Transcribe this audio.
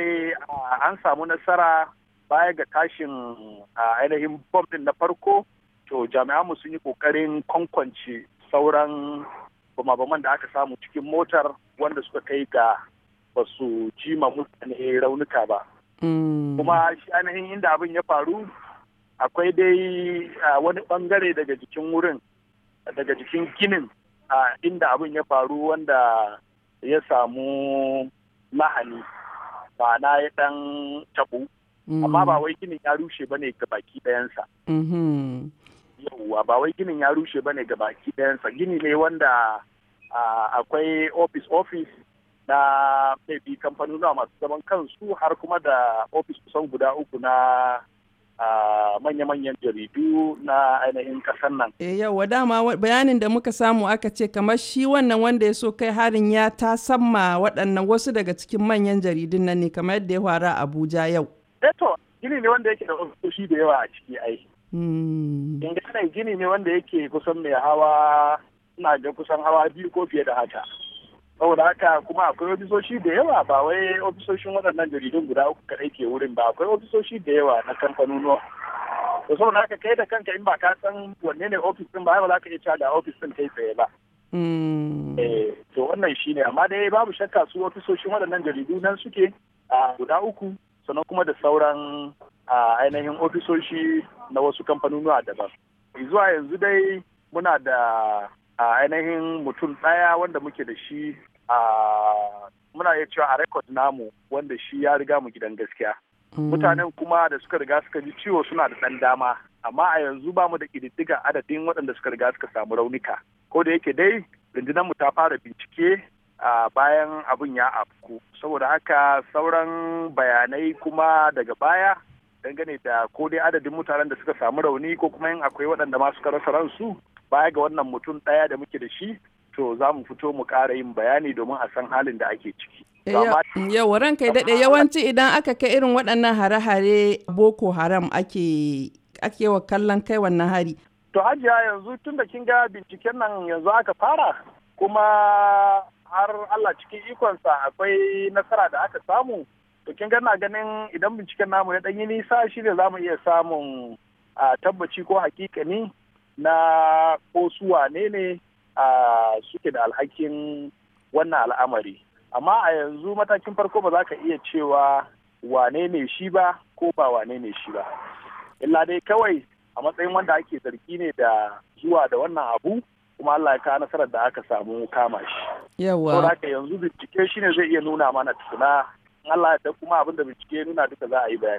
ne an samu nasara baya ga tashin ainihin bom din na farko to jami'anmu sun yi kokarin kwankwance sauran bama-baman da aka samu cikin motar wanda suka kai ga ba su jima mutane raunuka ba mm. kuma ainihin inda abin ya faru akwai dai wani bangare daga jikin wurin daga jikin ginin inda abin ya faru wanda ya samu lahani ma'ana ya ɗan taɓo mm. amma ba wai ginin ya rushe bane ga baki ɗayansa mm-hmm. yauwa ba wai ginin ya rushe bane ga baki ɗayansa gini ne wanda akwai office office na maybe kamfanoni masu zaman kansu har kuma da office kusan guda uku na manya-manyan jaridu na ainihin kasar nan. E eh, yawa dama bayanin da muka samu aka ce kamar shi wannan wanda ya so kai harin ya ta samma waɗannan wasu daga cikin manyan jaridun nan ne kamar yadda ya fara Abuja yau. Eto eh, gini ne wanda yake da ofisoshi da yawa a ciki ai. Hmm. Inganan gini ne wanda yake kusan mai hawa ina ga kusan hawa biyu ko fiye da haka. saboda haka kuma akwai ofisoshi da yawa ba wai ofisoshin waɗannan jaridun guda uku kaɗai ke wurin ba akwai ofisoshi da yawa na kamfanonuwa to saboda haka kai da kanka in ba ka san wanne ne ofis ɗin ba ba za ka iya da ofis ɗin kai tsaye ba hmm. eh, to wannan shi ne. amma dai babu shakka su ofisoshin waɗannan jaridu nan suke a guda uku sannan kuma da sauran ainihin ofisoshi na wasu kamfanonuwa daban zuwa yanzu dai muna da a ainihin mutum ɗaya wanda muke da shi muna iya cewa a rekod namu wanda shi ya riga mu gidan gaskiya mm. mutanen kuma da suka riga suka ji ciwo suna da ɗan dama amma a yanzu ba mu da ƙididdiga adadin waɗanda suka riga suka samu raunuka ko da yake dai rundunar mu ta fara bincike a bayan abin ya afku saboda haka sauran bayanai kuma daga baya dangane da ko dai adadin mutanen da suka samu rauni ko kuma yin akwai waɗanda ma suka rasa ransu baya ga wannan mutum ɗaya da muke da shi to za mu fito mu ƙara yin bayani domin a san halin da ake ciki. Yau ran kai daɗe yawanci idan aka kai irin waɗannan hare-hare Boko Haram ake wa kallon kai wannan hari. To hajiya yanzu tun da kin ga binciken nan yanzu aka fara kuma har Allah cikin ikonsa akwai nasara da aka samu. To kin ga na ganin idan binciken namu ya yi nisa shi ne za mu iya samun tabbaci ko hakikani na ko su wane ne suke da alhakin wannan al'amari amma a yanzu matakin farko ba za ka iya cewa wane ne shi ba ko ba wane ne shi ba illa dai kawai a matsayin wanda ake zargi ne da zuwa da wannan abu kuma Allah ya kawo nasarar da aka samu kama shi yawa ko haka yanzu bincike shi ne zai iya nuna mana tukuna Allah ya kuma abin da bincike nuna duka za a yi bayani